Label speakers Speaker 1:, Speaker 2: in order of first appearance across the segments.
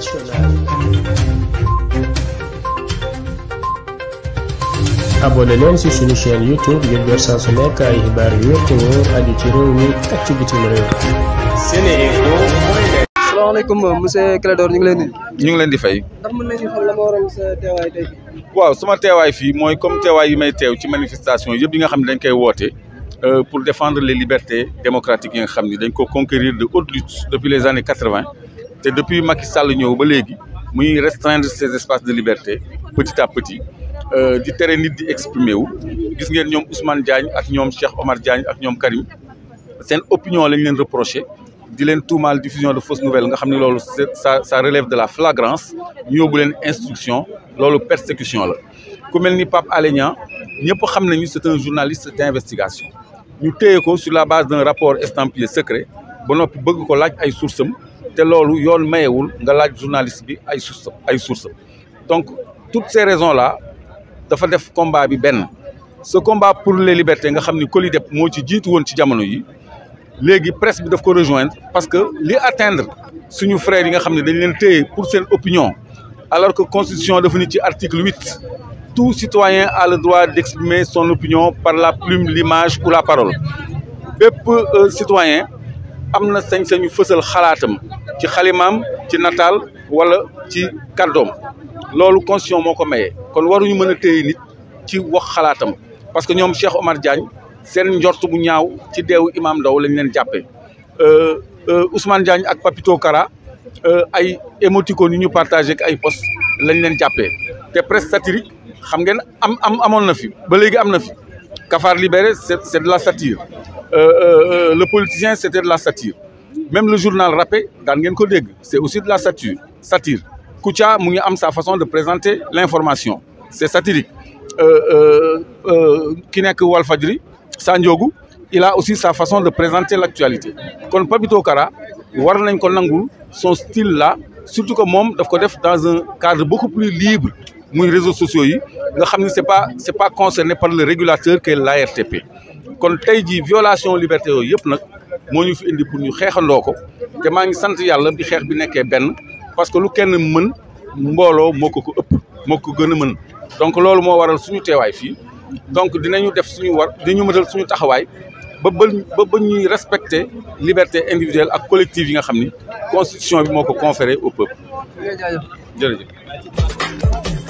Speaker 1: internationale. abonné leen ci suñu chaîne youtube ngir jot saa su nekk ay xibaar yu wér te wóor aju ci réew mi ak ci bitim réew. Seneinfo. asalaamaaleykum monsieur Clédor ñu ngi leen di. ñu ngi leen di fay.
Speaker 2: ndax mën nañu xam ma teewaay
Speaker 1: waaw sama teewaay fii mooy comme teewaay yi may teew ci manifestation yëpp yi nga xam ne dañ koy woote. Euh, pour défendre les libertés démocratiques yi nga xam ne dañ ko conquérir de haute lutte depuis les années quatre-vingt te depuis Macky Sall ñëw ba léegi muy restreindre ces espaces de liberté petit à petit euh, di tere nit di exprimer wu gis ngeen ñoom Ousmane Diagne ak ñoom Cheikh Omar Diagne ak ñoom Karim seen opinion lañ leen reproché di leen mal diffusion de fausses nouvelles nga xam ne loolu ça ça relève de la flagrance ñu yóbbu leen instruction loolu persécution la ku mel ni Pape Alé Niang xam nañu c'est un journaliste d'investigation ñu téye ko sur la base d'un rapport estampillé secret ba noppi bëgg ko laaj ay sources am te loolu yoon mayewul nga laaj journaliste bi ay source ay source donc toutes ces raisons dafa def combat bi benn ce combat pour les libertés nga xam ni COLIDEP moo ci jiitu woon ci jamono yi léegi presque bi daf ko rejoindre parce que li atteindre suñu frais yi nga xam ne dañ leen téye pour seen opinion alors que constitution dafa ni ci article huit tu citoyen à le droit d'exprimer son opinion par la plume l'image ou la parole bépp euh, citoyen am na sañ-sañu fësal xalaatam ci xalimaam ci nataal wala ci kàddoom loolu constitution moo ko mayee kon waruñu mën a téye ci wax xalaatam parce que ñoom Cheikh Omar Diagne seen njortu bu ñaaw ci deewu Imam Ndao lañ leen jàppe jàppee euh, euh, Ousmane Diagne ak Papito Kara euh, ay émoticônes yu ñu partagé ak ay post lañ leen jàppee te presse satirique xam ngeen am am amoon na fi ba léegi am na fi Cafard Libéré c'est c'est de la satire le politicien c'était de la satire même le journal Rappé daan ngeen ko dégg c' est aussi de la satire satire Kouthia mu ngi am sa façon de présenter l' information c' est satirique euh, euh, euh, ki nekk Walfadjri Sandiogou il a aussi sa façon de présenter lactualité kon Papito Kara war nañ ko nangul son style là surtout que moom daf ko def dans un cadre beaucoup plus libre muy réseaux sociaux yi nga xam ne c' est pas c' est pas concerné par le régulateur qu'est l'ARTP kon tey jii violation liberté yooyu yëpp nag moo ñu fi indi pour ñu xeexandoo ko te maa ngi sant yàlla bi xeex bi nekkee benn parce que lu kenn mën mbooloo moo ko ko ëpp moo ko gën a mën donc loolu moo waral suñu teewaay fii donc dinañu def suñu war ñu mëtal suñu taxawaay ba ba ba ñuy respecter liberté individuelle ak collective yi nga xam ni constitution bi moo ko conféré au peuple jërëjëf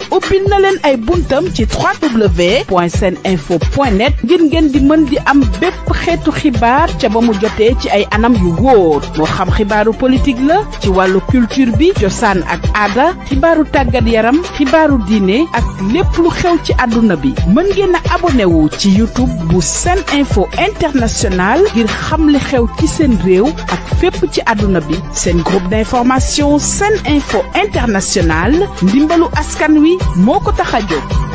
Speaker 2: ubbil na leen ay buntam ci seen info www.seninfo.net ngir ngeen di mën di am bépp xeetu xibaar ca ba mu jotee ci ay anam yu wóor moo xam xibaaru politique la ci wàllu culture bi josaan ak aada xibaaru tàggat yaram xibaaru diine ak lépp lu xew ci àdduna bi mën ngeen a abonné wu ci YouTube bu Sen Info International ngir xam li xew ci seen réew ak fépp ci àdduna bi seen groupe d'information Sen Info International ndimbalu askan wi moo ko tax a jóg